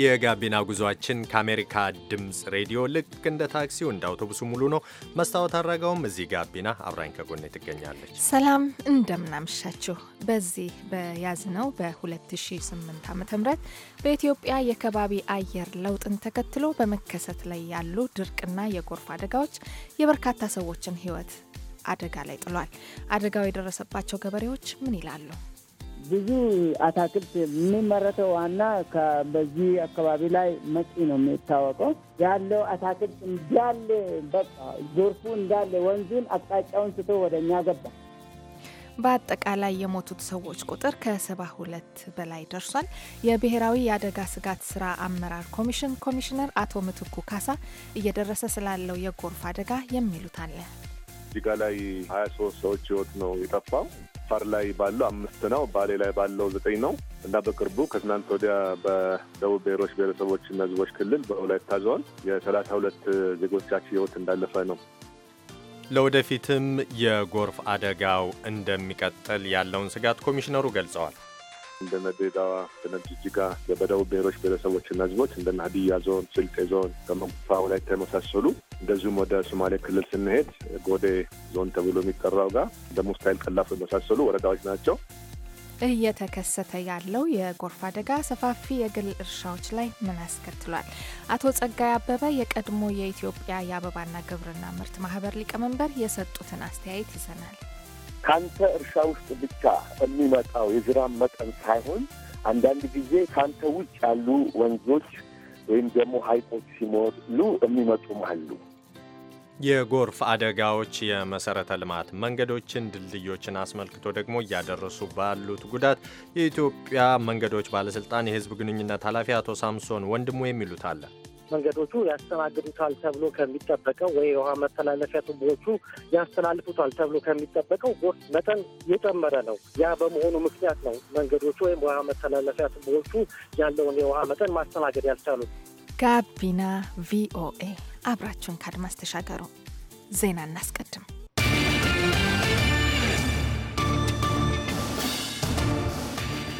የጋቢና ጉዟችን ከአሜሪካ ድምፅ ሬዲዮ ልክ እንደ ታክሲው እንደ አውቶቡሱ ሙሉ ነው። መስታወት አድረገውም እዚህ ጋቢና አብራኝ ከጎኔ ትገኛለች። ሰላም እንደምናምሻችሁ። በዚህ በያዝነው በ2008 ዓ ም በኢትዮጵያ የከባቢ አየር ለውጥን ተከትሎ በመከሰት ላይ ያሉ ድርቅና የጎርፍ አደጋዎች የበርካታ ሰዎችን ሕይወት አደጋ ላይ ጥሏል። አደጋው የደረሰባቸው ገበሬዎች ምን ይላሉ? ብዙ አታክልት የሚመረተው ዋና በዚህ አካባቢ ላይ መጪ ነው የሚታወቀው ያለው አታክልት እንዳለ በቃ ጎርፉ እንዳለ ወንዙን አቅጣጫውን ስቶ ወደ እኛ ገባ። በአጠቃላይ የሞቱት ሰዎች ቁጥር ከ72 በላይ ደርሷል። የብሔራዊ የአደጋ ስጋት ስራ አመራር ኮሚሽን ኮሚሽነር አቶ ምትኩ ካሳ እየደረሰ ስላለው የጎርፍ አደጋ የሚሉት አለ። እዚጋ ላይ 23 ሰዎች ህይወት ነው የጠፋው። አፋር ላይ ባለው አምስት ነው። ባሌ ላይ ባለው ዘጠኝ ነው እና በቅርቡ ከትናንት ወዲያ በደቡብ ብሔሮች ብሔረሰቦችና ሕዝቦች ክልል በወላይታ ዞን የሰላሳ ሁለት ዜጎቻችን ህይወት እንዳለፈ ነው። ለወደፊትም የጎርፍ አደጋው እንደሚቀጥል ያለውን ስጋት ኮሚሽነሩ ገልጸዋል። እንደነ ድሬዳዋ፣ እንደነ ጅጅጋ፣ በደቡብ ብሔሮች ብሔረሰቦችና ህዝቦች እንደነ ሀዲያ ዞን፣ ስልጤ ዞን፣ ከመኩፋ ወላይታ የመሳሰሉ እንደዚሁም ወደ ሶማሌ ክልል ስንሄድ ጎዴ ዞን ተብሎ የሚጠራው ጋር እንደ ሙስታይል ቀላፎ የመሳሰሉ ወረዳዎች ናቸው። እየተከሰተ ያለው የጎርፍ አደጋ ሰፋፊ የግል እርሻዎች ላይ ምን አስከትሏል? አቶ ጸጋይ አበበ የቀድሞ የኢትዮጵያ የአበባና ግብርና ምርት ማህበር ሊቀመንበር የሰጡትን አስተያየት ይዘናል። ከአንተ እርሻ ውስጥ ብቻ የሚመጣው የዝናብ መጠን ሳይሆን አንዳንድ ጊዜ ከአንተ ውጭ ያሉ ወንዞች ወይም ደግሞ ሀይቆች ሲሞሉ የሚመጡም አሉ። የጎርፍ አደጋዎች የመሰረተ ልማት መንገዶችን፣ ድልድዮችን አስመልክቶ ደግሞ እያደረሱ ባሉት ጉዳት የኢትዮጵያ መንገዶች ባለስልጣን የህዝብ ግንኙነት ኃላፊ አቶ ሳምሶን ወንድሙ የሚሉት አለ። መንገዶቹ ያስተናግዱታል ተብሎ ከሚጠበቀው ወይ የውሃ መተላለፊያ ቱቦዎቹ ያስተላልፉታል ተብሎ ከሚጠበቀው ጎርፍ መጠን የጨመረ ነው። ያ በመሆኑ ምክንያት ነው መንገዶቹ ወይም ውሃ መተላለፊያ ቱቦዎቹ ያለውን የውሃ መጠን ማስተናገድ ያልቻሉት። ጋቢና ቪኦኤ አብራችሁን ከአድማስ ተሻገሩ። ዜና እናስቀድም።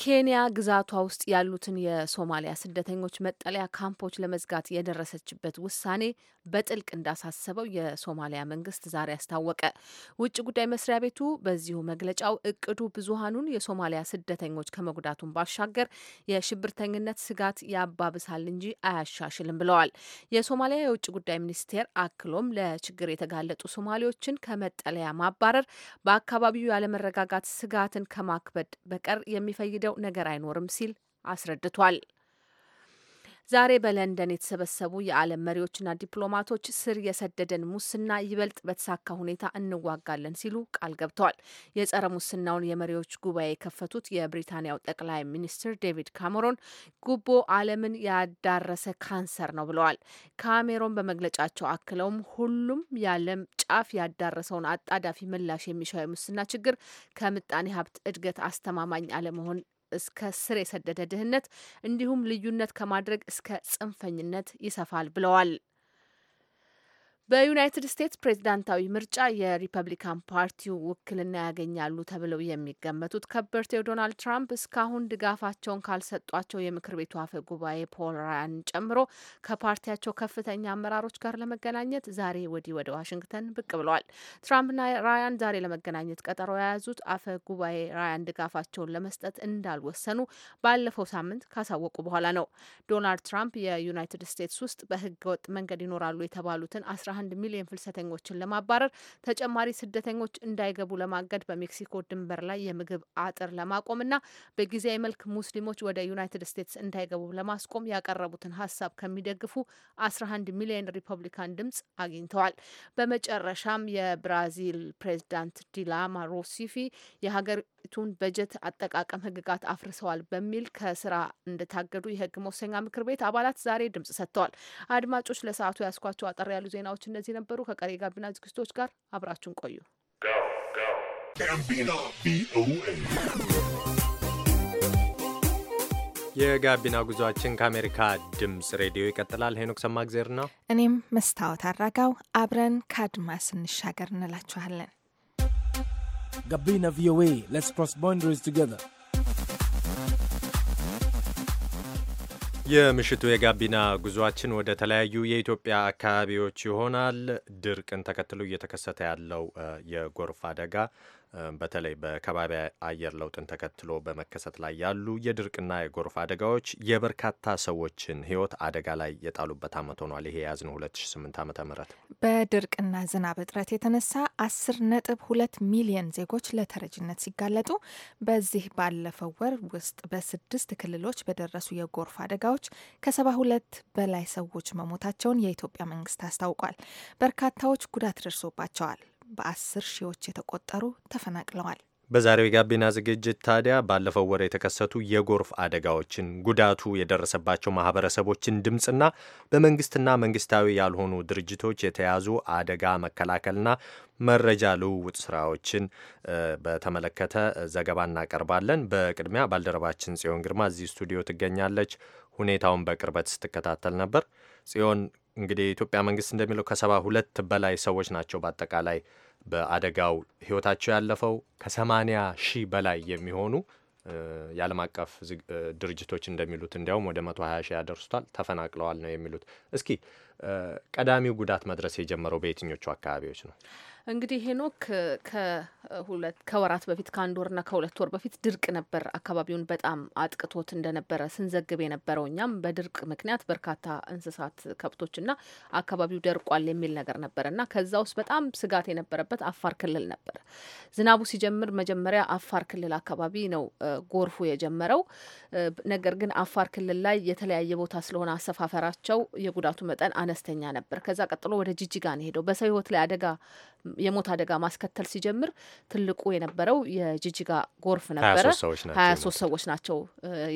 ኬንያ ግዛቷ ውስጥ ያሉትን የሶማሊያ ስደተኞች መጠለያ ካምፖች ለመዝጋት የደረሰችበት ውሳኔ በጥልቅ እንዳሳሰበው የሶማሊያ መንግስት ዛሬ አስታወቀ። ውጭ ጉዳይ መስሪያ ቤቱ በዚሁ መግለጫው እቅዱ ብዙሀኑን የሶማሊያ ስደተኞች ከመጉዳቱን ባሻገር የሽብርተኝነት ስጋት ያባብሳል እንጂ አያሻሽልም ብለዋል። የሶማሊያ የውጭ ጉዳይ ሚኒስቴር አክሎም ለችግር የተጋለጡ ሶማሌዎችን ከመጠለያ ማባረር በአካባቢው ያለመረጋጋት ስጋትን ከማክበድ በቀር የሚፈይደው የሚያስገድደው ነገር አይኖርም ሲል አስረድቷል። ዛሬ በለንደን የተሰበሰቡ የዓለም መሪዎችና ዲፕሎማቶች ስር የሰደደን ሙስና ይበልጥ በተሳካ ሁኔታ እንዋጋለን ሲሉ ቃል ገብተዋል። የጸረ ሙስናውን የመሪዎች ጉባኤ የከፈቱት የብሪታንያው ጠቅላይ ሚኒስትር ዴቪድ ካሜሮን ጉቦ ዓለምን ያዳረሰ ካንሰር ነው ብለዋል። ካሜሮን በመግለጫቸው አክለውም ሁሉም የዓለም ጫፍ ያዳረሰውን አጣዳፊ ምላሽ የሚሻው የሙስና ችግር ከምጣኔ ሀብት እድገት አስተማማኝ አለመሆን እስከ ስር የሰደደ ድህነት እንዲሁም ልዩነት ከማድረግ እስከ ጽንፈኝነት ይሰፋል ብለዋል። በዩናይትድ ስቴትስ ፕሬዝዳንታዊ ምርጫ የሪፐብሊካን ፓርቲው ውክልና ያገኛሉ ተብለው የሚገመቱት ከበርቴው ዶናልድ ትራምፕ እስካሁን ድጋፋቸውን ካልሰጧቸው የምክር ቤቱ አፈ ጉባኤ ፖል ራያን ጨምሮ ከፓርቲያቸው ከፍተኛ አመራሮች ጋር ለመገናኘት ዛሬ ወዲህ ወደ ዋሽንግተን ብቅ ብለዋል። ትራምፕና ራያን ዛሬ ለመገናኘት ቀጠሮ የያዙት አፈ ጉባኤ ራያን ድጋፋቸውን ለመስጠት እንዳልወሰኑ ባለፈው ሳምንት ካሳወቁ በኋላ ነው። ዶናልድ ትራምፕ የዩናይትድ ስቴትስ ውስጥ በህገወጥ መንገድ ይኖራሉ የተባሉትን አስራ 11 ሚሊዮን ፍልሰተኞችን ለማባረር፣ ተጨማሪ ስደተኞች እንዳይገቡ ለማገድ፣ በሜክሲኮ ድንበር ላይ የምግብ አጥር ለማቆምና በጊዜያዊ መልክ ሙስሊሞች ወደ ዩናይትድ ስቴትስ እንዳይገቡ ለማስቆም ያቀረቡትን ሀሳብ ከሚደግፉ 11 ሚሊዮን ሪፐብሊካን ድምጽ አግኝተዋል። በመጨረሻም የብራዚል ፕሬዚዳንት ዲላማ ሮሲፊ የሀገሪቱን በጀት አጠቃቀም ህግጋት አፍርሰዋል በሚል ከስራ እንደታገዱ የህግ መወሰኛ ምክር ቤት አባላት ዛሬ ድምጽ ሰጥተዋል። አድማጮች ለሰዓቱ ያስኳቸው አጠር ያሉ ዜናዎች እነዚህ ነበሩ። ከቀሪ ጋቢና ዝግጅቶች ጋር አብራችሁን ቆዩ። የጋቢና ጉዟችን ከአሜሪካ ድምፅ ሬዲዮ ይቀጥላል። ሄኖክ ሰማግዜር ነው፣ እኔም መስታወት አራጋው አብረን ከአድማስ እንሻገር እንላችኋለን። ጋቢና ቪኦኤ ሌትስ ክሮስ ቦንደሪስ ቱጌዘር የምሽቱ የጋቢና ጉዟችን ወደ ተለያዩ የኢትዮጵያ አካባቢዎች ይሆናል። ድርቅን ተከትሎ እየተከሰተ ያለው የጎርፍ አደጋ በተለይ በከባቢ አየር ለውጥን ተከትሎ በመከሰት ላይ ያሉ የድርቅና የጎርፍ አደጋዎች የበርካታ ሰዎችን ሕይወት አደጋ ላይ የጣሉበት አመት ሆኗል። ይሄ የያዝነው 2008 ዓመተ ምህረት በድርቅና ዝናብ እጥረት የተነሳ 10.2 ሚሊዮን 2 ዜጎች ለተረጅነት ሲጋለጡ በዚህ ባለፈው ወር ውስጥ በስድስት ክልሎች በደረሱ የጎርፍ አደጋዎች ከ72 በላይ ሰዎች መሞታቸውን የኢትዮጵያ መንግስት አስታውቋል። በርካታዎች ጉዳት ደርሶባቸዋል። በአስር ሺዎች የተቆጠሩ ተፈናቅለዋል። በዛሬው የጋቢና ዝግጅት ታዲያ ባለፈው ወር የተከሰቱ የጎርፍ አደጋዎችን፣ ጉዳቱ የደረሰባቸው ማህበረሰቦችን ድምፅና በመንግስትና መንግስታዊ ያልሆኑ ድርጅቶች የተያዙ አደጋ መከላከልና መረጃ ልውውጥ ስራዎችን በተመለከተ ዘገባ እናቀርባለን። በቅድሚያ ባልደረባችን ጽዮን ግርማ እዚህ ስቱዲዮ ትገኛለች። ሁኔታውን በቅርበት ስትከታተል ነበር ጽዮን። እንግዲህ የኢትዮጵያ መንግስት እንደሚለው ከሰባ ሁለት በላይ ሰዎች ናቸው በአጠቃላይ በአደጋው ህይወታቸው ያለፈው ከሰማኒያ ሺህ በላይ የሚሆኑ የዓለም አቀፍ ድርጅቶች እንደሚሉት እንዲያውም ወደ መቶ ሀያ ሺህ ያደርሱታል ተፈናቅለዋል ነው የሚሉት። እስኪ ቀዳሚው ጉዳት መድረስ የጀመረው በየትኞቹ አካባቢዎች ነው? እንግዲህ ሄኖክ ከሁለት ከወራት በፊት ከአንድ ወርና ከሁለት ወር በፊት ድርቅ ነበር አካባቢውን በጣም አጥቅቶት እንደነበረ ስንዘግብ የነበረው። እኛም በድርቅ ምክንያት በርካታ እንስሳት ከብቶችና አካባቢው ደርቋል የሚል ነገር ነበር እና ከዛ ውስጥ በጣም ስጋት የነበረበት አፋር ክልል ነበር። ዝናቡ ሲጀምር መጀመሪያ አፋር ክልል አካባቢ ነው ጎርፉ የጀመረው። ነገር ግን አፋር ክልል ላይ የተለያየ ቦታ ስለሆነ አሰፋፈራቸው የጉዳቱ መጠን አነስተኛ ነበር። ከዛ ቀጥሎ ወደ ጅጅጋ ነው ሄደው በሰው ህይወት ላይ አደጋ የሞት አደጋ ማስከተል ሲጀምር ትልቁ የነበረው የጂጂጋ ጎርፍ ነበረ። ሀያ ሶስት ሰዎች ናቸው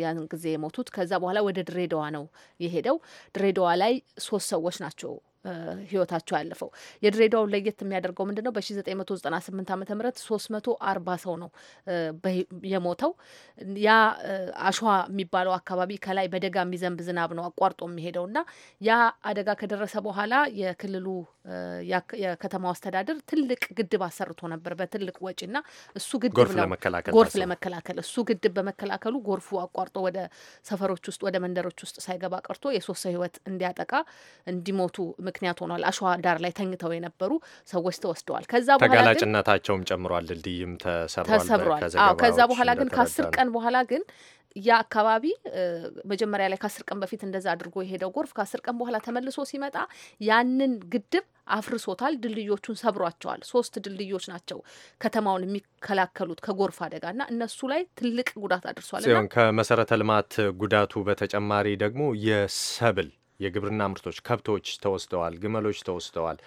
ያን ጊዜ የሞቱት። ከዛ በኋላ ወደ ድሬዳዋ ነው የሄደው። ድሬዳዋ ላይ ሶስት ሰዎች ናቸው ህይወታቸው ያለፈው። የድሬዳውን ለየት የሚያደርገው ምንድን ነው? በ1998 ዓ ም 340 ሰው ነው የሞተው። ያ አሸዋ የሚባለው አካባቢ ከላይ በደጋ የሚዘንብ ዝናብ ነው አቋርጦ የሚሄደው እና ያ አደጋ ከደረሰ በኋላ የክልሉ የከተማው አስተዳደር ትልቅ ግድብ አሰርቶ ነበር በትልቅ ወጪ እና እሱ ግድብ ነው ጎርፍ ለመከላከል እሱ ግድብ በመከላከሉ ጎርፉ አቋርጦ ወደ ሰፈሮች ውስጥ ወደ መንደሮች ውስጥ ሳይገባ ቀርቶ የሶስት ሰው ህይወት እንዲያጠቃ እንዲሞቱ ምክንያት ሆኗል። አሸዋ ዳር ላይ ተኝተው የነበሩ ሰዎች ተወስደዋል። ከዛ ተጋላጭነታቸውም ጨምሯል። ድልድይም ተሰብሯል። ከዛ በኋላ ግን ከአስር ቀን በኋላ ግን ያ አካባቢ መጀመሪያ ላይ ከአስር ቀን በፊት እንደዛ አድርጎ የሄደው ጎርፍ ከአስር ቀን በኋላ ተመልሶ ሲመጣ ያንን ግድብ አፍርሶታል። ድልድዮቹን ሰብሯቸዋል። ሶስት ድልድዮች ናቸው ከተማውን የሚከላከሉት ከጎርፍ አደጋ እና እነሱ ላይ ትልቅ ጉዳት አድርሷል ሲሆን ከመሰረተ ልማት ጉዳቱ በተጨማሪ ደግሞ የሰብል የግብርና ምርቶች ከብቶች ተወስደዋል፣ ግመሎች ተወስደዋል፣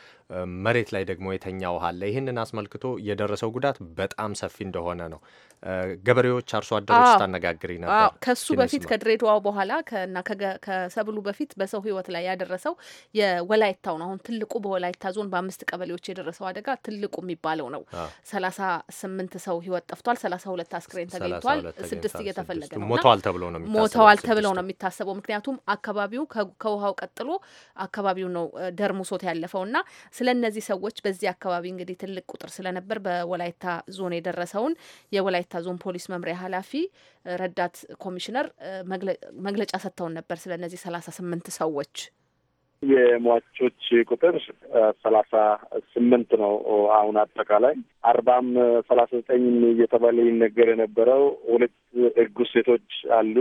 መሬት ላይ ደግሞ የተኛ ውሃ አለ። ይህንን አስመልክቶ የደረሰው ጉዳት በጣም ሰፊ እንደሆነ ነው ገበሬዎች፣ አርሶ አደሮች ታነጋግሪ ነበር። ከሱ በፊት ከድሬዳዋ በኋላ እና ከሰብሉ በፊት በሰው ህይወት ላይ ያደረሰው የወላይታው ነው። አሁን ትልቁ በወላይታ ዞን በአምስት ቀበሌዎች የደረሰው አደጋ ትልቁ የሚባለው ነው። ሰላሳ ስምንት ሰው ህይወት ጠፍቷል። ሰላሳ ሁለት አስክሬን ተገኝቷል። ስድስት እየተፈለገ ነው። ሞተዋል ተብሎ ነው ሞተዋል ተብለው ነው የሚታሰበው። ምክንያቱም አካባቢው ከውሃው ቀጥሎ አካባቢው ነው ደርሙሶት ያለፈውና ስለ እነዚህ ሰዎች በዚህ አካባቢ እንግዲህ ትልቅ ቁጥር ስለነበር በወላይታ ዞን የደረሰውን የወላይታ ዞን ፖሊስ መምሪያ ኃላፊ ረዳት ኮሚሽነር መግለጫ ሰጥተውን ነበር ስለ እነዚህ ሰላሳ ስምንት ሰዎች የሟቾች ቁጥር ሰላሳ ስምንት ነው። አሁን አጠቃላይ አርባም ሰላሳ ዘጠኝ እየተባለ ይነገር የነበረው ሁለት እርጉዝ ሴቶች አሉ።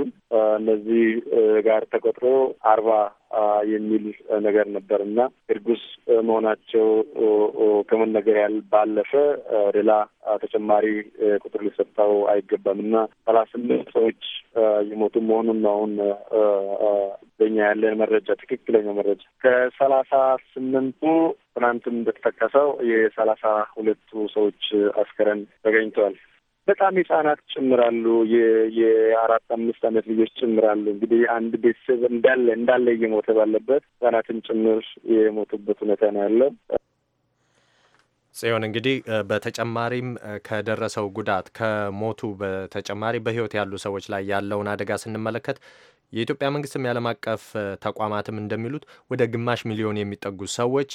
እነዚህ ጋር ተቆጥሮ አርባ የሚል ነገር ነበር እና እርጉዝ መሆናቸው ከመነገር ያል ባለፈ ሌላ ተጨማሪ ቁጥር ሊሰጠው አይገባም እና ሰላሳ ስምንት ሰዎች የሞቱ መሆኑን አሁን በኛ ያለን መረጃ ትክክለኛ መረጃ ከሰላሳ ስምንቱ ትናንትም እንደተጠቀሰው የሰላሳ ሁለቱ ሰዎች አስከረን ተገኝተዋል። በጣም ህጻናት ጭምራሉ፣ የአራት አምስት አመት ልጆች ጭምራሉ። እንግዲህ አንድ ቤተሰብ እንዳለ እንዳለ እየሞተ ባለበት ህጻናትን ጭምር የሞቱበት ሁኔታ ነው ያለው። ጽዮን እንግዲህ በተጨማሪም ከደረሰው ጉዳት ከሞቱ በተጨማሪ በህይወት ያሉ ሰዎች ላይ ያለውን አደጋ ስንመለከት የኢትዮጵያ መንግስትም የዓለም አቀፍ ተቋማትም እንደሚሉት ወደ ግማሽ ሚሊዮን የሚጠጉ ሰዎች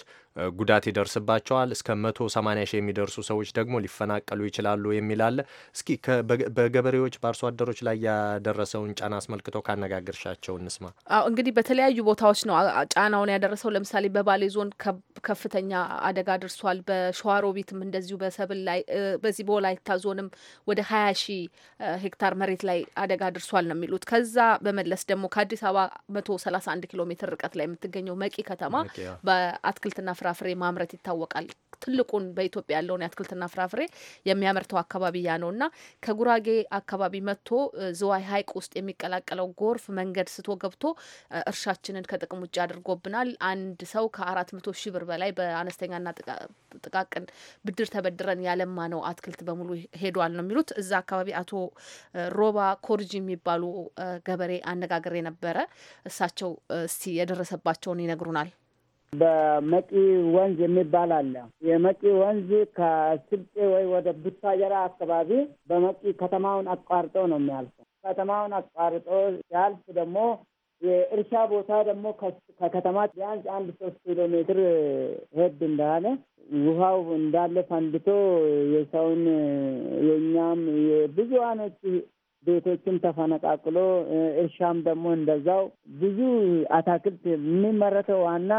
ጉዳት ይደርስባቸዋል። እስከ መቶ ሰማንያ ሺህ የሚደርሱ ሰዎች ደግሞ ሊፈናቀሉ ይችላሉ የሚል አለ። እስኪ በገበሬዎች በአርሶ አደሮች ላይ ያደረሰውን ጫና አስመልክቶ ካነጋገርሻቸው እንስማ። አዎ እንግዲህ በተለያዩ ቦታዎች ነው ጫናውን ያደረሰው። ለምሳሌ በባሌ ዞን ከፍተኛ አደጋ ደርሷል። በሸዋሮቢትም እንደዚሁ በሰብል ላይ በዚህ በወላይታ ዞንም ወደ ሀያ ሺህ ሄክታር መሬት ላይ አደጋ ደርሷል ነው የሚሉት ከዛ በመለስ ደግሞ ከአዲስ አበባ መቶ ሰላሳ አንድ ኪሎ ሜትር ርቀት ላይ የምትገኘው መቂ ከተማ በአትክልትና ፍራፍሬ ማምረት ይታወቃል። ትልቁን በኢትዮጵያ ያለውን የአትክልትና ፍራፍሬ የሚያመርተው አካባቢ ያ ነው እና ከጉራጌ አካባቢ መጥቶ ዝዋይ ሐይቅ ውስጥ የሚቀላቀለው ጎርፍ መንገድ ስቶ ገብቶ እርሻችንን ከጥቅም ውጭ አድርጎብናል። አንድ ሰው ከአራት መቶ ሺህ ብር በላይ በአነስተኛና ጥቃቅን ብድር ተበድረን ያለማ ነው አትክልት በሙሉ ሄዷል ነው የሚሉት። እዛ አካባቢ አቶ ሮባ ኮርጂ የሚባሉ ገበሬ አነጋገር የነበረ እሳቸው እስቲ የደረሰባቸውን ይነግሩናል። በመቂ ወንዝ የሚባል አለ። የመቂ ወንዝ ከስልጤ ወይ ወደ ቡታጀራ አካባቢ በመቂ ከተማውን አቋርጦ ነው የሚያልፈው። ከተማውን አቋርጦ ሲያልፍ ደግሞ የእርሻ ቦታ ደግሞ ከከተማ ቢያንስ አንድ ሶስት ኪሎ ሜትር ሄድ እንዳለ ውሃው እንዳለ ፈንድቶ የሰውን የእኛም የብዙሀኖች ቤቶችም ተፈነቃቅሎ እርሻም ደግሞ እንደዛው ብዙ አታክልት የሚመረተው ዋና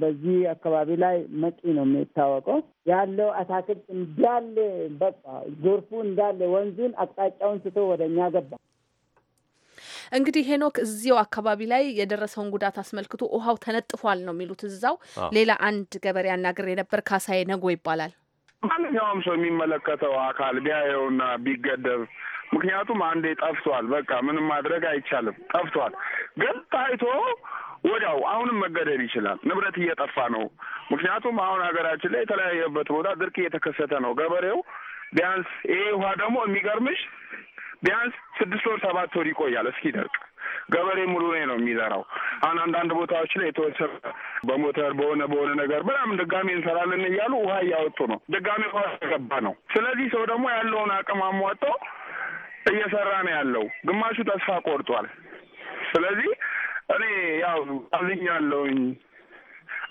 በዚህ አካባቢ ላይ መቂ ነው የሚታወቀው ያለው አታክልት እንዳለ በቃ ጎርፉ እንዳለ ወንዙን አቅጣጫውን ስቶ ወደ እኛ ገባ። እንግዲህ ሄኖክ እዚው አካባቢ ላይ የደረሰውን ጉዳት አስመልክቶ ውሃው ተነጥፏል ነው የሚሉት። እዛው ሌላ አንድ ገበሬ አናግሬ የነበር ካሳዬ ነጎ ይባላል። ማንኛውም ሰው የሚመለከተው አካል ቢያየውና ቢገደብ ምክንያቱም አንዴ ጠፍቷል። በቃ ምንም ማድረግ አይቻልም። ጠፍቷል ግን ታይቶ ወዲያው አሁንም መገደል ይችላል። ንብረት እየጠፋ ነው። ምክንያቱም አሁን ሀገራችን ላይ የተለያየበት ቦታ ድርቅ እየተከሰተ ነው። ገበሬው ቢያንስ ይሄ ውሃ ደግሞ የሚገርምሽ ቢያንስ ስድስት ወር ሰባት ወር ይቆያል እስኪደርቅ። ገበሬ ሙሉ ነው የሚዘራው። አሁን አንዳንድ ቦታዎች ላይ የተወሰነ በሞተር በሆነ በሆነ ነገር በጣም ድጋሚ እንሰራለን እያሉ ውሃ እያወጡ ነው። ድጋሚ ውሃ ገባ ነው። ስለዚህ ሰው ደግሞ ያለውን አቅም አሟጠው እየሰራ ነው ያለው። ግማሹ ተስፋ ቆርጧል። ስለዚህ እኔ ያው አዝኛለሁኝ።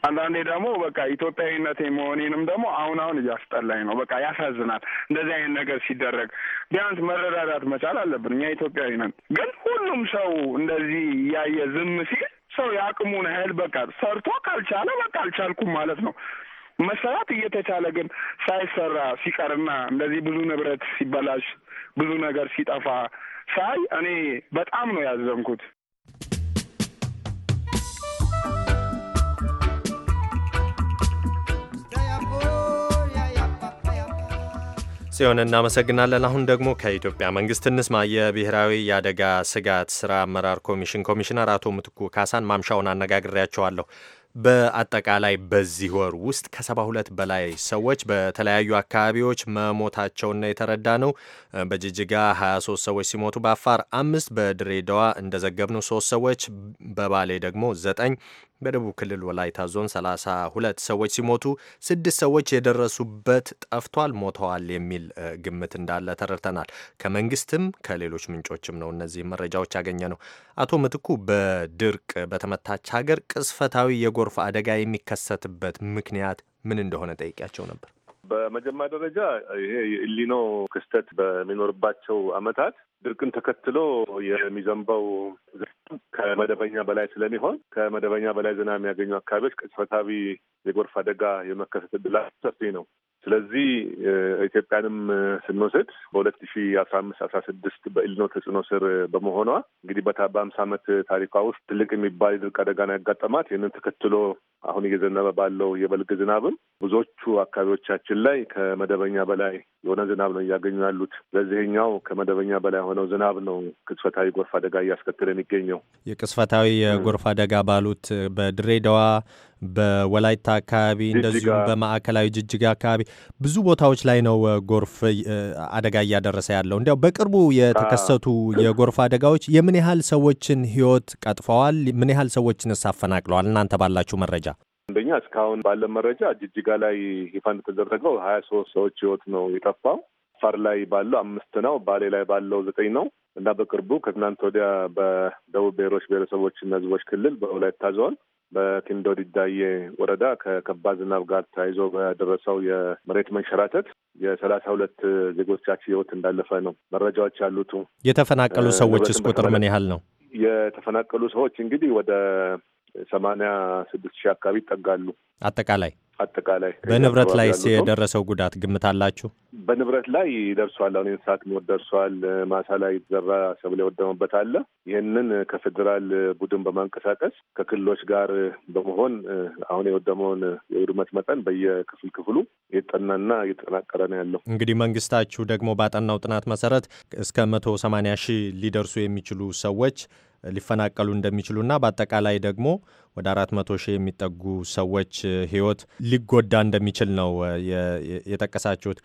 አንዳንዴ ደግሞ በቃ ኢትዮጵያዊነቴ መሆኔንም ደግሞ አሁን አሁን እያስጠላኝ ነው። በቃ ያሳዝናል። እንደዚህ አይነት ነገር ሲደረግ ቢያንስ መረዳዳት መቻል አለብን። እኛ ኢትዮጵያዊ ነን። ግን ሁሉም ሰው እንደዚህ እያየ ዝም ሲል ሰው የአቅሙን ያህል በቃ ሰርቶ ካልቻለ በቃ አልቻልኩም ማለት ነው። መሰራት እየተቻለ ግን ሳይሰራ ሲቀርና እንደዚህ ብዙ ንብረት ሲበላሽ ብዙ ነገር ሲጠፋ ሳይ እኔ በጣም ነው ያዘንኩት። ጽዮን እናመሰግናለን። አሁን ደግሞ ከኢትዮጵያ መንግስት እንስማ። የብሔራዊ የአደጋ ስጋት ስራ አመራር ኮሚሽን ኮሚሽነር አቶ ምትኩ ካሳን ማምሻውን አነጋግሬያቸዋለሁ። በአጠቃላይ በዚህ ወር ውስጥ ከሰባ ሁለት በላይ ሰዎች በተለያዩ አካባቢዎች መሞታቸውና የተረዳ ነው። በጅጅጋ 23 ሰዎች ሲሞቱ በአፋር አምስት በድሬዳዋ እንደዘገብነው ሶስት ሰዎች በባሌ ደግሞ ዘጠኝ በደቡብ ክልል ወላይታ ዞን 32 ሰዎች ሲሞቱ ስድስት ሰዎች የደረሱበት ጠፍቷል፣ ሞተዋል የሚል ግምት እንዳለ ተረድተናል። ከመንግስትም ከሌሎች ምንጮችም ነው እነዚህ መረጃዎች ያገኘ ነው። አቶ ምትኩ በድርቅ በተመታች ሀገር ቅስፈታዊ የጎርፍ አደጋ የሚከሰትበት ምክንያት ምን እንደሆነ ጠይቂያቸው ነበር። በመጀመሪያ ደረጃ ይሄ የኢሊኖ ክስተት በሚኖርባቸው አመታት ድርቅን ተከትሎ የሚዘንባው ከመደበኛ በላይ ስለሚሆን ከመደበኛ በላይ ዝናብ የሚያገኙ አካባቢዎች ቅጽበታዊ የጎርፍ አደጋ የመከሰት ዕድላቸው ሰፊ ነው። ስለዚህ ኢትዮጵያንም ስንወስድ በሁለት ሺ አስራ አምስት አስራ ስድስት በኢልኖ ተጽዕኖ ስር በመሆኗ እንግዲህ በአምሳ ዓመት ታሪኳ ውስጥ ትልቅ የሚባል የድርቅ አደጋን ያጋጠማት ይህንን ተከትሎ አሁን እየዘነበ ባለው የበልግ ዝናብም ብዙዎቹ አካባቢዎቻችን ላይ ከመደበኛ በላይ የሆነ ዝናብ ነው እያገኙ ያሉት። ለዚህኛው ከመደበኛ በላይ የሆነው ዝናብ ነው ቅስፈታዊ ጎርፍ አደጋ እያስከተለ የሚገኘው። የቅስፈታዊ የጎርፍ አደጋ ባሉት በድሬዳዋ በወላይታ አካባቢ እንደዚሁም በማዕከላዊ ጅጅጋ አካባቢ ብዙ ቦታዎች ላይ ነው ጎርፍ አደጋ እያደረሰ ያለው። እንዲያው በቅርቡ የተከሰቱ የጎርፍ አደጋዎች የምን ያህል ሰዎችን ሕይወት ቀጥፈዋል? ምን ያህል ሰዎችን አፈናቅለዋል? እናንተ ባላችሁ መረጃ አንደኛ እስካሁን ባለ መረጃ ጅጅጋ ላይ ይፋ እንደተደረገው ሀያ ሶስት ሰዎች ህይወት ነው የጠፋው። አፋር ላይ ባለው አምስት ነው፣ ባሌ ላይ ባለው ዘጠኝ ነው እና በቅርቡ ከትናንት ወዲያ በደቡብ ብሔሮች ብሔረሰቦችና ህዝቦች ክልል በወላይታ ዞን በቲንዶ ዲዳዬ ወረዳ ከከባድ ዝናብ ጋር ተያይዞ በደረሰው የመሬት መንሸራተት የሰላሳ ሁለት ዜጎቻችን ህይወት እንዳለፈ ነው መረጃዎች ያሉት። የተፈናቀሉ ሰዎችስ ቁጥር ምን ያህል ነው? የተፈናቀሉ ሰዎች እንግዲህ ወደ ሰማንያ ስድስት ሺህ አካባቢ ይጠጋሉ። አጠቃላይ አጠቃላይ በንብረት ላይ የደረሰው ጉዳት ግምት አላችሁ? በንብረት ላይ ደርሷል። አሁን የእንስሳት ሞት ደርሷል። ማሳ ላይ የተዘራ ሰብል የወደመበት አለ። ይህንን ከፌዴራል ቡድን በማንቀሳቀስ ከክልሎች ጋር በመሆን አሁን የወደመውን የውድመት መጠን በየክፍል ክፍሉ የጠናና እየተጠናቀረ ነው ያለው። እንግዲህ መንግስታችሁ ደግሞ ባጠናው ጥናት መሰረት እስከ መቶ ሰማንያ ሺህ ሊደርሱ የሚችሉ ሰዎች ሊፈናቀሉ እንደሚችሉና በአጠቃላይ ደግሞ ወደ አራት መቶ ሺህ የሚጠጉ ሰዎች ህይወት ሊጎዳ እንደሚችል ነው የጠቀሳችሁት።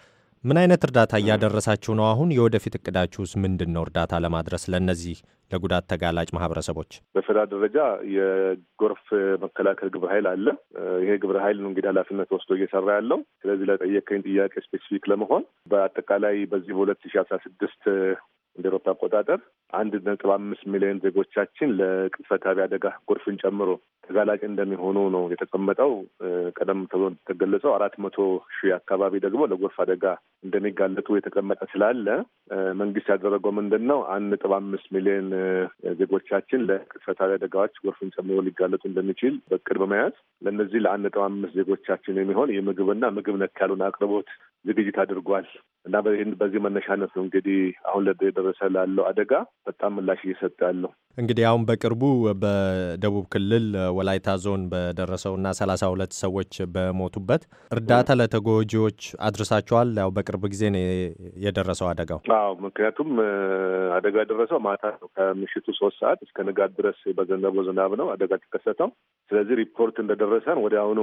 ምን አይነት እርዳታ እያደረሳችሁ ነው? አሁን የወደፊት እቅዳችሁስ ምንድን ነው? እርዳታ ለማድረስ ለእነዚህ ለጉዳት ተጋላጭ ማህበረሰቦች በፌደራል ደረጃ የጎርፍ መከላከል ግብረ ኃይል አለ። ይሄ ግብረ ኃይል ነው እንግዲህ ኃላፊነት ወስዶ እየሰራ ያለው። ስለዚህ ለጠየቀኝ ጥያቄ ስፔሲፊክ ለመሆን በአጠቃላይ በዚህ በሁለት ሺ አስራ ስድስት እንደ ኤሮፓ አቆጣጠር አንድ ነጥብ አምስት ሚሊዮን ዜጎቻችን ለቅጽበታዊ አደጋ ጎርፍን ጨምሮ ተጋላጭ እንደሚሆኑ ነው የተቀመጠው። ቀደም ተብሎ እንደተገለጸው አራት መቶ ሺህ አካባቢ ደግሞ ለጎርፍ አደጋ እንደሚጋለጡ የተቀመጠ ስላለ መንግስት ያደረገው ምንድን ነው? አንድ ነጥብ አምስት ሚሊዮን ዜጎቻችን ለቅጽበታዊ አደጋዎች ጎርፍን ጨምሮ ሊጋለጡ እንደሚችል በቅድ በመያዝ ለእነዚህ ለአንድ ነጥብ አምስት ዜጎቻችን የሚሆን የምግብና ምግብ ነክ ያሉን አቅርቦት ዝግጅት አድርጓል እና በዚህ መነሻነት ነው እንግዲህ አሁን እየደረሰ ላለው አደጋ በጣም ምላሽ እየሰጠ ያለው እንግዲህ አሁን በቅርቡ በደቡብ ክልል ወላይታ ዞን በደረሰውና ሰላሳ ሁለት ሰዎች በሞቱበት እርዳታ ለተጎጂዎች አድርሳቸዋል? ያው በቅርብ ጊዜ ነው የደረሰው አደጋው። አዎ፣ ምክንያቱም አደጋ የደረሰው ማታ ነው። ከምሽቱ ሶስት ሰዓት እስከ ንጋት ድረስ በዘነበው ዝናብ ነው አደጋ ተከሰተው። ስለዚህ ሪፖርት እንደደረሰን ወደ አሁኑ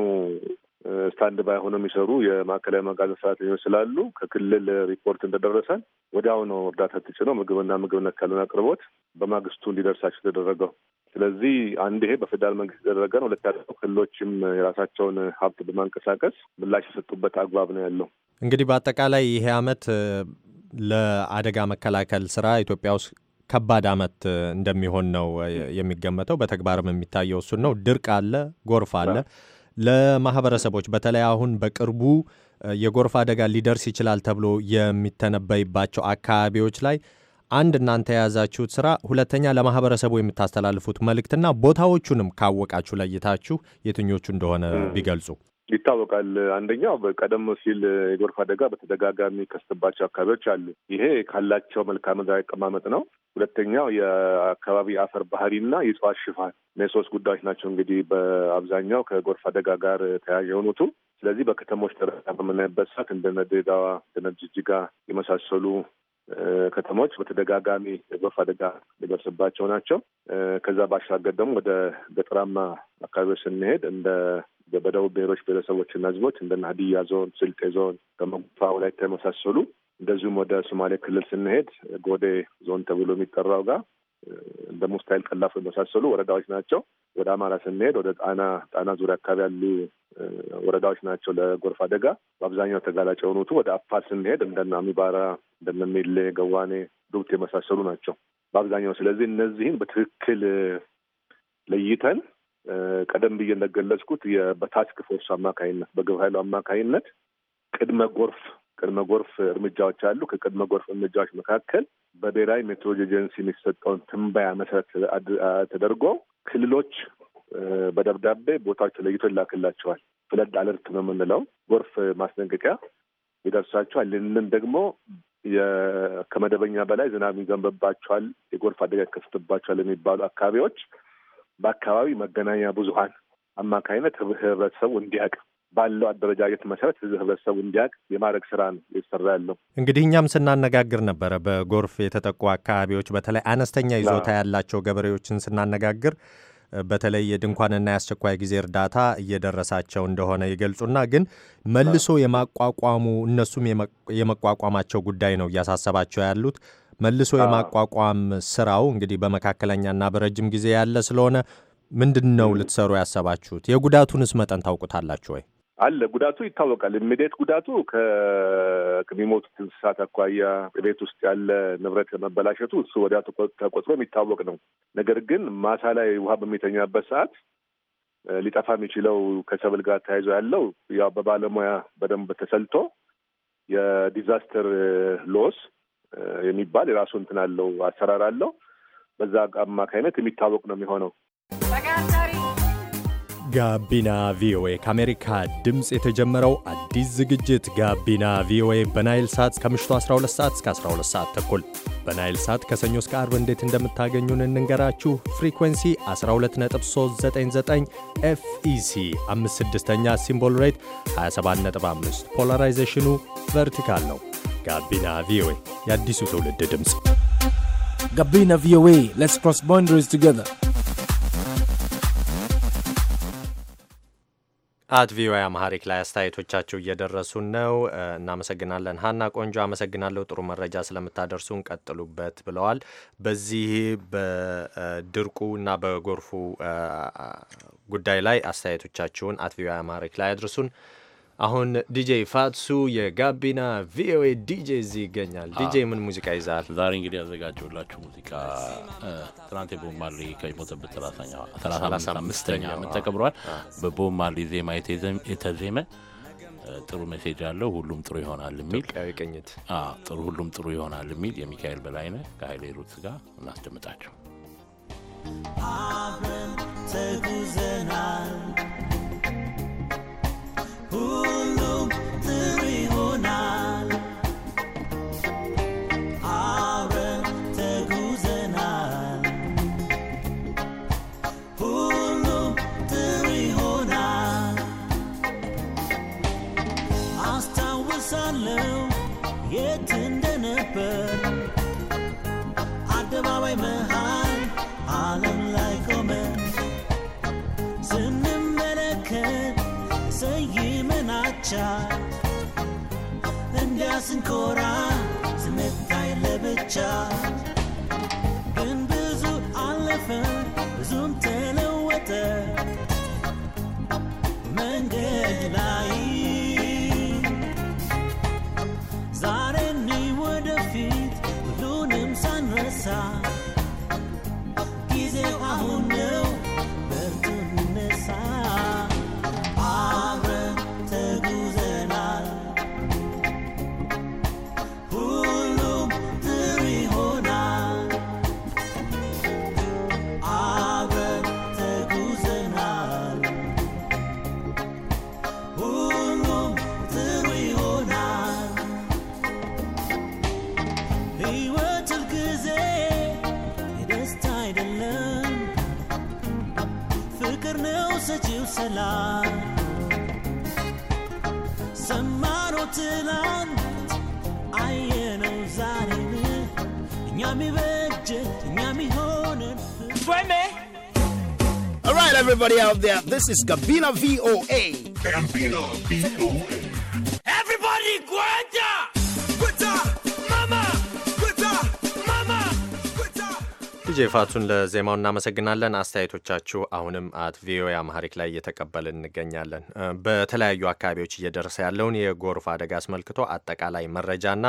ስታንድ ባይ ሆነው የሚሰሩ የማዕከላዊ መጋዘን ሰራተኞች ስላሉ ከክልል ሪፖርት እንደደረሰን ወዲያው ነው እርዳታ ተጭነው ምግብና ምግብ ነክ ያልሆነ አቅርቦት በማግስቱ እንዲደርሳቸው የተደረገው። ስለዚህ አንድ ይሄ በፌዴራል መንግስት የተደረገ ነው። ሁለት ክልሎችም የራሳቸውን ሀብት በማንቀሳቀስ ምላሽ የሰጡበት አግባብ ነው ያለው። እንግዲህ በአጠቃላይ ይሄ አመት ለአደጋ መከላከል ስራ ኢትዮጵያ ውስጥ ከባድ አመት እንደሚሆን ነው የሚገመተው። በተግባርም የሚታየው እሱን ነው። ድርቅ አለ፣ ጎርፍ አለ። ለማህበረሰቦች በተለይ አሁን በቅርቡ የጎርፍ አደጋ ሊደርስ ይችላል ተብሎ የሚተነበይባቸው አካባቢዎች ላይ አንድ እናንተ የያዛችሁት ስራ፣ ሁለተኛ ለማህበረሰቡ የምታስተላልፉት መልእክትና ቦታዎቹንም ካወቃችሁ ለይታችሁ የትኞቹ እንደሆነ ቢገልጹ። ይታወቃል። አንደኛው በቀደም ሲል የጎርፍ አደጋ በተደጋጋሚ ከስትባቸው አካባቢዎች አሉ። ይሄ ካላቸው መልክዓ ምድራዊ አቀማመጥ ነው። ሁለተኛው የአካባቢ አፈር ባህሪና የእጽዋት ሽፋን እነዚህ ሶስት ጉዳዮች ናቸው እንግዲህ በአብዛኛው ከጎርፍ አደጋ ጋር ተያያዥ የሆኑቱ። ስለዚህ በከተሞች ደረጃ በምናይበት ሰዓት እንደነ ድሬዳዋ፣ እንደነ ጅጅጋ የመሳሰሉ ከተሞች በተደጋጋሚ የጎርፍ አደጋ ሊደርስባቸው ናቸው። ከዛ ባሻገር ደግሞ ወደ ገጠራማ አካባቢዎች ስንሄድ እንደ በደቡብ ብሔሮች ብሔረሰቦችና ህዝቦች እንደ ሀዲያ ዞን፣ ስልጤ ዞን፣ ጋሞጎፋ፣ ወላይታ የመሳሰሉ እንደዚሁም ወደ ሶማሌ ክልል ስንሄድ ጎዴ ዞን ተብሎ የሚጠራው ጋር እንደ ሙስታይል ቀላፎ የመሳሰሉ ወረዳዎች ናቸው። ወደ አማራ ስንሄድ ወደ ጣና ጣና ዙሪያ አካባቢ ያሉ ወረዳዎች ናቸው ለጎርፍ አደጋ በአብዛኛው ተጋላጭ የሆኑቱ። ወደ አፋር ስንሄድ እንደነ አሚባራ፣ እንደነ ሜሌ፣ ገዋኔ፣ ዱብት የመሳሰሉ ናቸው በአብዛኛው። ስለዚህ እነዚህን በትክክል ለይተን ቀደም ብዬ እንደገለጽኩት በታስክ ፎርስ አማካኝነት በግብረ ኃይሉ አማካኝነት ቅድመ ጎርፍ ቅድመ ጎርፍ እርምጃዎች አሉ። ከቅድመ ጎርፍ እርምጃዎች መካከል በብሔራዊ ሜትሮሎጂ ኤጀንሲ የሚሰጠውን ትንበያ መሰረት ተደርጎ ክልሎች በደብዳቤ ቦታዎች ለይቶ ይላክላቸዋል። ፍለድ አለርት ነው የምንለው። ጎርፍ ማስጠንቀቂያ ይደርሳቸዋል። ይህንን ደግሞ ከመደበኛ በላይ ዝናብ ይዘንብባቸዋል፣ የጎርፍ አደጋ ይከሰትባቸዋል የሚባሉ አካባቢዎች በአካባቢ መገናኛ ብዙሀን አማካኝነት ህብረተሰቡ እንዲያውቅ ባለው አደረጃጀት መሰረት ህዝብ ህብረተሰቡ እንዲያውቅ የማድረግ ስራ ነው እየተሰራ ያለው። እንግዲህ እኛም ስናነጋግር ነበረ በጎርፍ የተጠቁ አካባቢዎች በተለይ አነስተኛ ይዞታ ያላቸው ገበሬዎችን ስናነጋግር በተለይ የድንኳንና የአስቸኳይ ጊዜ እርዳታ እየደረሳቸው እንደሆነ ይገልጹና ግን መልሶ የማቋቋሙ እነሱም የመቋቋማቸው ጉዳይ ነው እያሳሰባቸው ያሉት። መልሶ የማቋቋም ስራው እንግዲህ በመካከለኛና በረጅም ጊዜ ያለ ስለሆነ ምንድን ነው ልትሰሩ ያሰባችሁት? የጉዳቱንስ መጠን ታውቁታላችሁ ወይ? አለ ጉዳቱ ይታወቃል። ኢሚዲየት ጉዳቱ ከሚሞቱት እንስሳት አኳያ ቤት ውስጥ ያለ ንብረት መበላሸቱ እሱ ወዲያ ተቆጥሮ የሚታወቅ ነው። ነገር ግን ማሳ ላይ ውሃ በሚተኛበት ሰዓት ሊጠፋ የሚችለው ከሰብል ጋር ተያይዞ ያለው ያው በባለሙያ በደንብ ተሰልቶ የዲዛስተር ሎስ የሚባል የራሱ እንትን አለው አሰራር አለው። በዛ አማካይነት የሚታወቅ ነው የሚሆነው። ጋቢና ቪኦኤ ከአሜሪካ ድምፅ የተጀመረው አዲስ ዝግጅት ጋቢና ቪኦኤ በናይል ሳት ከምሽቱ 12 ሰዓት እስከ 12 ሰዓት ተኩል በናይል ሳት ከሰኞ እስከ አርብ እንዴት እንደምታገኙን እንንገራችሁ። ፍሪኩንሲ 12399 ኤፍኢሲ 56ኛ ሲምቦል ሬት 275 ፖላራይዜሽኑ ቨርቲካል ነው። ጋቢና ቪኦኤ የአዲሱ ትውልድ ድምፅ። ጋቢና ቪኦኤ ሌትስ ክሮስ ቦንደሪስ ቱጌዘር። አት ቪኦኤ አማሐሪክ ላይ አስተያየቶቻቸው እየደረሱን ነው። እናመሰግናለን። ሀና ቆንጆ አመሰግናለሁ፣ ጥሩ መረጃ ስለምታደርሱን ቀጥሉበት ብለዋል። በዚህ በድርቁ እና በጎርፉ ጉዳይ ላይ አስተያየቶቻችሁን አት ቪኦኤ ላይ አድርሱን። አሁን ዲጄ ፋትሱ የጋቢና ቪኦኤ ዲጄ እዚህ ይገኛል። ዲጄ ምን ሙዚቃ ይዛል? ዛሬ እንግዲህ ያዘጋጀውላችሁ ሙዚቃ ትናንት የቦብ ማርሊ ከሞተበት ሰላሳ አምስተኛ ዓመት ተከብሯል። በቦብ ማርሊ ዜማ የተዜመ ጥሩ ሜሴጅ አለው። ሁሉም ጥሩ ይሆናል የሚል ቅኝት ጥሩ ሁሉም ጥሩ ይሆናል የሚል የሚካኤል በላይነህ ከሀይሌ ሩት ጋር እናስደምጣቸው። አብረን ተጉዘናል ይመቻል እንዲያ ስንኮራ ስሜት ታይ ለብቻ Eh? All right, everybody out there, this is Gabina VOA. Gabina VOA. ፋቱን ለዜማው እናመሰግናለን። አስተያየቶቻችሁ አሁንም አት ቪኦኤ አማሪክ ላይ እየተቀበል እንገኛለን። በተለያዩ አካባቢዎች እየደረሰ ያለውን የጎርፍ አደጋ አስመልክቶ አጠቃላይ መረጃና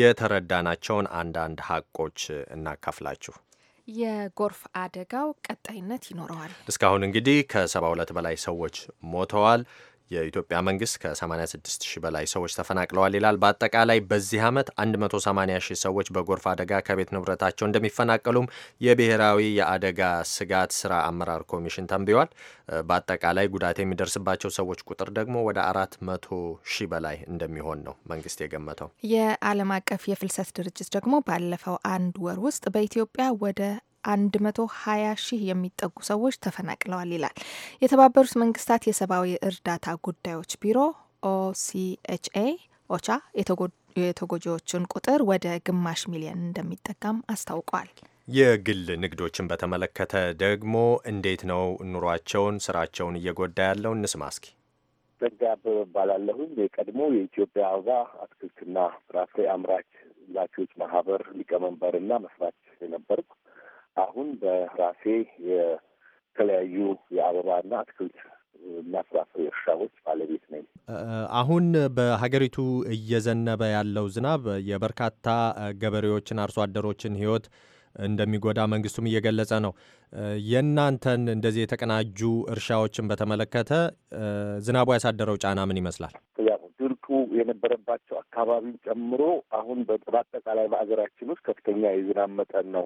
የተረዳናቸውን አንዳንድ ሀቆች እናካፍላችሁ። የጎርፍ አደጋው ቀጣይነት ይኖረዋል። እስካሁን እንግዲህ ከሰባ ሁለት በላይ ሰዎች ሞተዋል። የኢትዮጵያ መንግስት ከ86 ሺህ በላይ ሰዎች ተፈናቅለዋል ይላል። በአጠቃላይ በዚህ ዓመት 180 ሺህ ሰዎች በጎርፍ አደጋ ከቤት ንብረታቸው እንደሚፈናቀሉም የብሔራዊ የአደጋ ስጋት ስራ አመራር ኮሚሽን ተንብዋል። በአጠቃላይ ጉዳት የሚደርስባቸው ሰዎች ቁጥር ደግሞ ወደ 400 ሺህ በላይ እንደሚሆን ነው መንግስት የገመተው። የዓለም አቀፍ የፍልሰት ድርጅት ደግሞ ባለፈው አንድ ወር ውስጥ በኢትዮጵያ ወደ 120 ሺህ የሚጠጉ ሰዎች ተፈናቅለዋል ይላል የተባበሩት መንግስታት የሰብአዊ እርዳታ ጉዳዮች ቢሮ ኦሲኤችኤ ኦቻ የተጎጂዎችን ቁጥር ወደ ግማሽ ሚሊዮን እንደሚጠጋም አስታውቋል። የግል ንግዶችን በተመለከተ ደግሞ እንዴት ነው ኑሯቸውን፣ ስራቸውን እየጎዳ ያለው እንስማ እስኪ። ጸጋ አበበ እባላለሁኝ የቀድሞ የኢትዮጵያ አበባ አትክልትና ፍራፍሬ አምራች ላኪዎች ማህበር ሊቀመንበርና መስራች የነበርኩ አሁን በራሴ የተለያዩ የአበባና አትክልት እና ፍራፍሬ እርሻዎች ባለቤት ነኝ። አሁን በሀገሪቱ እየዘነበ ያለው ዝናብ የበርካታ ገበሬዎችን አርሶ አደሮችን ህይወት እንደሚጎዳ መንግስቱም እየገለጸ ነው። የእናንተን እንደዚህ የተቀናጁ እርሻዎችን በተመለከተ ዝናቡ ያሳደረው ጫና ምን ይመስላል? ድርቁ የነበረባቸው አካባቢ ጨምሮ አሁን በአጠቃላይ በሀገራችን ውስጥ ከፍተኛ የዝናብ መጠን ነው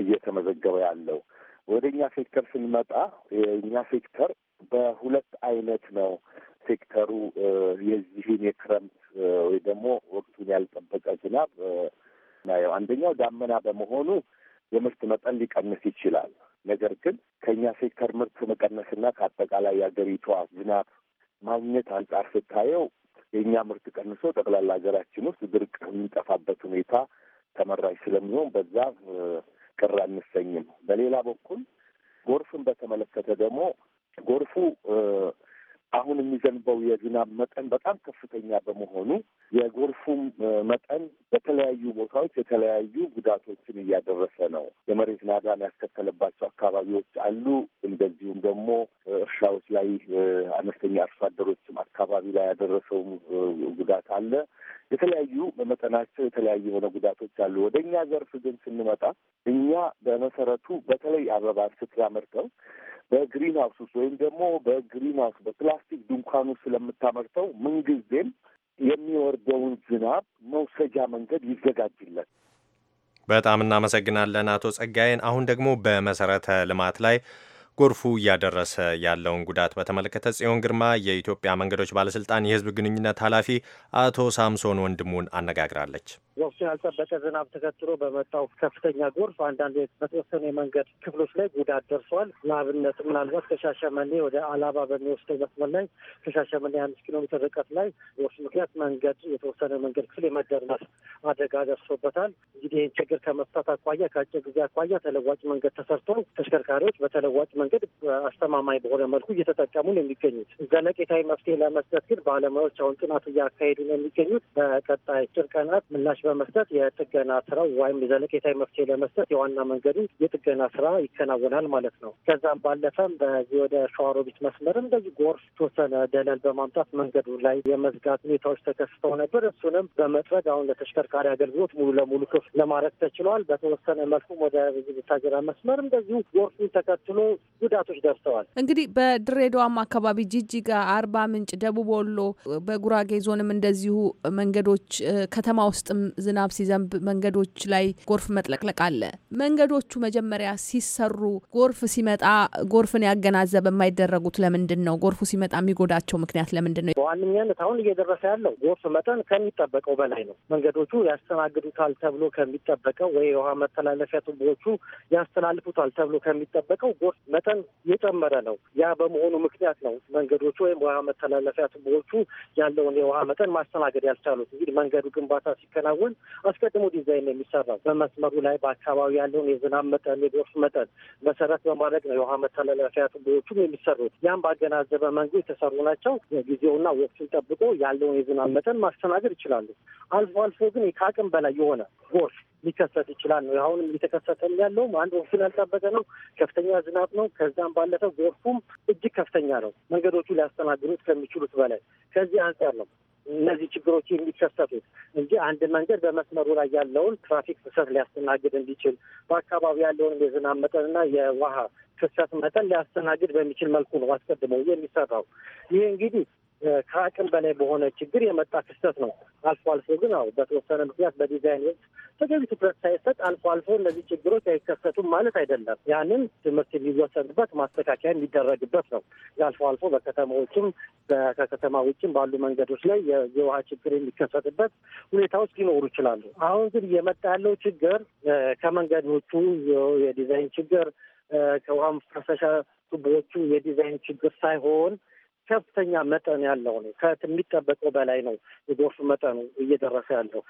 እየተመዘገበ ያለው። ወደ እኛ ሴክተር ስንመጣ የእኛ ሴክተር በሁለት አይነት ነው። ሴክተሩ የዚህን የክረምት ወይ ደግሞ ወቅቱን ያልጠበቀ ዝናብ ናየው። አንደኛው ዳመና በመሆኑ የምርት መጠን ሊቀንስ ይችላል። ነገር ግን ከእኛ ሴክተር ምርት መቀነስና ከአጠቃላይ የሀገሪቷ ዝናብ ማግኘት አንጻር ስታየው የእኛ ምርት ቀንሶ ጠቅላላ ሀገራችን ውስጥ ድርቅ የሚጠፋበት ሁኔታ ተመራጭ ስለሚሆን በዛ ቅር አንሰኝም። በሌላ በኩል ጎርፍን በተመለከተ ደግሞ ጎርፉ አሁን የሚዘንበው የዝናብ መጠን በጣም ከፍተኛ በመሆኑ የጎርፉም መጠን በተለያዩ ቦታዎች የተለያዩ ጉዳቶችን እያደረሰ ነው። የመሬት ናዳን ያስከተለባቸው አካባቢዎች አሉ። እንደዚሁም ደግሞ እርሻዎች ላይ አነስተኛ አርሶ አደሮችም አካባቢ ላይ ያደረሰው ጉዳት አለ። የተለያዩ በመጠናቸው የተለያዩ የሆነ ጉዳቶች አሉ። ወደ እኛ ዘርፍ ግን ስንመጣ እኛ በመሰረቱ በተለይ አበባ ስትራ በግሪን ሀውስ ውስጥ ወይም ደግሞ በግሪን ሀውስ በፕላስቲክ ድንኳን ስለምታመርተው ምንጊዜም የሚወርደውን ዝናብ መውሰጃ መንገድ ይዘጋጅለት። በጣም እናመሰግናለን አቶ ጸጋዬን። አሁን ደግሞ በመሰረተ ልማት ላይ ጎርፉ እያደረሰ ያለውን ጉዳት በተመለከተ ጽዮን ግርማ የኢትዮጵያ መንገዶች ባለስልጣን የህዝብ ግንኙነት ኃላፊ አቶ ሳምሶን ወንድሙን አነጋግራለች። ወቅቱን ያልጠበቀ ዝናብ ተከትሎ በመጣው ከፍተኛ ጎርፍ አንዳንድ በተወሰኑ የመንገድ ክፍሎች ላይ ጉዳት ደርሰዋል። ለአብነት ምናልባት ከሻሸመኔ ወደ አላባ በሚወስደው መስመር ላይ ከሻሸመኔ አምስት ኪሎ ሜትር ርቀት ላይ ጎርፍ ምክንያት መንገድ የተወሰነ መንገድ ክፍል የመደርመስ አደጋ ደርሶበታል። እንግዲህ ይህን ችግር ከመፍታት አኳያ ከአጭር ጊዜ አኳያ ተለዋጭ መንገድ ተሰርቶ ተሽከርካሪዎች በተለዋጭ መንገድ አስተማማኝ በሆነ መልኩ እየተጠቀሙ ነው የሚገኙት። ዘለቄታዊ መፍትሄ ለመስጠት ግን ባለሙያዎች አሁን ጥናት እያካሄዱ ነው የሚገኙት። በቀጣይ ጭርቀናት ቀናት ምላሽ በመስጠት የጥገና ስራው ወይም ዘለቄታዊ መፍትሄ ለመስጠት የዋና መንገዱ የጥገና ስራ ይከናወናል ማለት ነው። ከዛም ባለፈም በዚህ ወደ ሸዋሮቢት መስመር እንደዚህ ጎርፍ ተወሰነ ደለል በማምጣት መንገዱ ላይ የመዝጋት ሁኔታዎች ተከስተው ነበር። እሱንም በመጥረግ አሁን ለተሽከርካሪ አገልግሎት ሙሉ ለሙሉ ክፍት ለማድረግ ተችሏል። በተወሰነ መልኩም ወደ ታጀራ መስመር እንደዚሁ ጎርፉን ተከትሎ ጉዳቶች ደርሰዋል። እንግዲህ በድሬዳዋም አካባቢ ጅጅጋ፣ አርባ ምንጭ፣ ደቡብ ወሎ፣ በጉራጌ ዞንም እንደዚሁ መንገዶች ከተማ ውስጥም ዝናብ ሲዘንብ መንገዶች ላይ ጎርፍ መጥለቅለቅ አለ። መንገዶቹ መጀመሪያ ሲሰሩ ጎርፍ ሲመጣ ጎርፍን ያገናዘበ የማይደረጉት ለምንድን ነው? ጎርፉ ሲመጣ የሚጎዳቸው ምክንያት ለምንድን ነው? በዋነኛነት አሁን እየደረሰ ያለው ጎርፍ መጠን ከሚጠበቀው በላይ ነው። መንገዶቹ ያስተናግዱታል ተብሎ ከሚጠበቀው ወይ የውሃ መተላለፊያ ቱቦዎቹ ያስተላልፉታል ተብሎ ከሚጠበቀው ጎርፍ መጠን የጨመረ ነው። ያ በመሆኑ ምክንያት ነው መንገዶቹ ወይም ውሃ መተላለፊያ ቱቦዎቹ ያለውን የውሃ መጠን ማስተናገድ ያልቻሉት። እንግዲህ መንገዱ ግንባታ ሲከናወን አስቀድሞ ዲዛይን የሚሰራው በመስመሩ ላይ በአካባቢ ያለውን የዝናብ መጠን፣ የጎርፍ መጠን መሰረት በማድረግ ነው የውሃ መተላለፊያ ቱቦዎቹም የሚሰሩት። ያም ባገናዘበ መንገድ የተሰሩ ናቸው። ጊዜውና ወቅቱን ጠብቆ ያለውን የዝናብ መጠን ማስተናገድ ይችላሉ። አልፎ አልፎ ግን ከአቅም በላይ የሆነ ጎርፍ ሊከሰት ይችላል ነው። አሁንም እየተከሰተም ያለውም አንድ ወቅቱን ያልጠበቀ ነው። ከፍተኛ ዝናብ ነው። ከዛም ባለፈው ጎርፉም እጅግ ከፍተኛ ነው፣ መንገዶቹ ሊያስተናግዱት ከሚችሉት በላይ። ከዚህ አንጻር ነው እነዚህ ችግሮች የሚከሰቱት እንጂ አንድ መንገድ በመስመሩ ላይ ያለውን ትራፊክ ፍሰት ሊያስተናግድ እንዲችል በአካባቢ ያለውን የዝናብ መጠንና የውሃ ፍሰት መጠን ሊያስተናግድ በሚችል መልኩ ነው አስቀድመው የሚሰራው። ይህ እንግዲህ ከአቅም በላይ በሆነ ችግር የመጣ ክስተት ነው። አልፎ አልፎ ግን አዎ በተወሰነ ምክንያት በዲዛይን ውስጥ ተገቢ ትኩረት ሳይሰጥ አልፎ አልፎ እነዚህ ችግሮች አይከሰቱም ማለት አይደለም። ያንን ትምህርት የሚወሰድበት ማስተካከያ የሚደረግበት ነው። አልፎ አልፎ በከተማዎችም ከከተማ ውጭም ባሉ መንገዶች ላይ የውሃ ችግር የሚከሰትበት ሁኔታዎች ሊኖሩ ይችላሉ። አሁን ግን እየመጣ ያለው ችግር ከመንገዶቹ የዲዛይን ችግር ከውሃ መፍሰሻ ቱቦዎቹ የዲዛይን ችግር ሳይሆን ከፍተኛ መጠን ያለው ነው። ከሚጠበቀው በላይ ነው የጎርፍ መጠኑ እየደረሰ ያለው።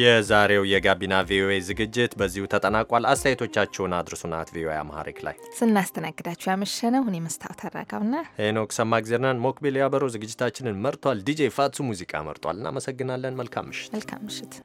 የዛሬው የጋቢና ቪኦኤ ዝግጅት በዚሁ ተጠናቋል። አስተያየቶቻችሁን አድርሱናት ቪኦኤ አማሪክ ላይ ስናስተናግዳችሁ ያመሸነው እኔ መስታወት አራጋውና ሄኖክ ሰማግዜርናን ሞክቢል ያበረው ዝግጅታችንን መርቷል። ዲጄ ፋቱ ሙዚቃ መርጧል። እናመሰግናለን። መልካም ምሽት። መልካም ምሽት።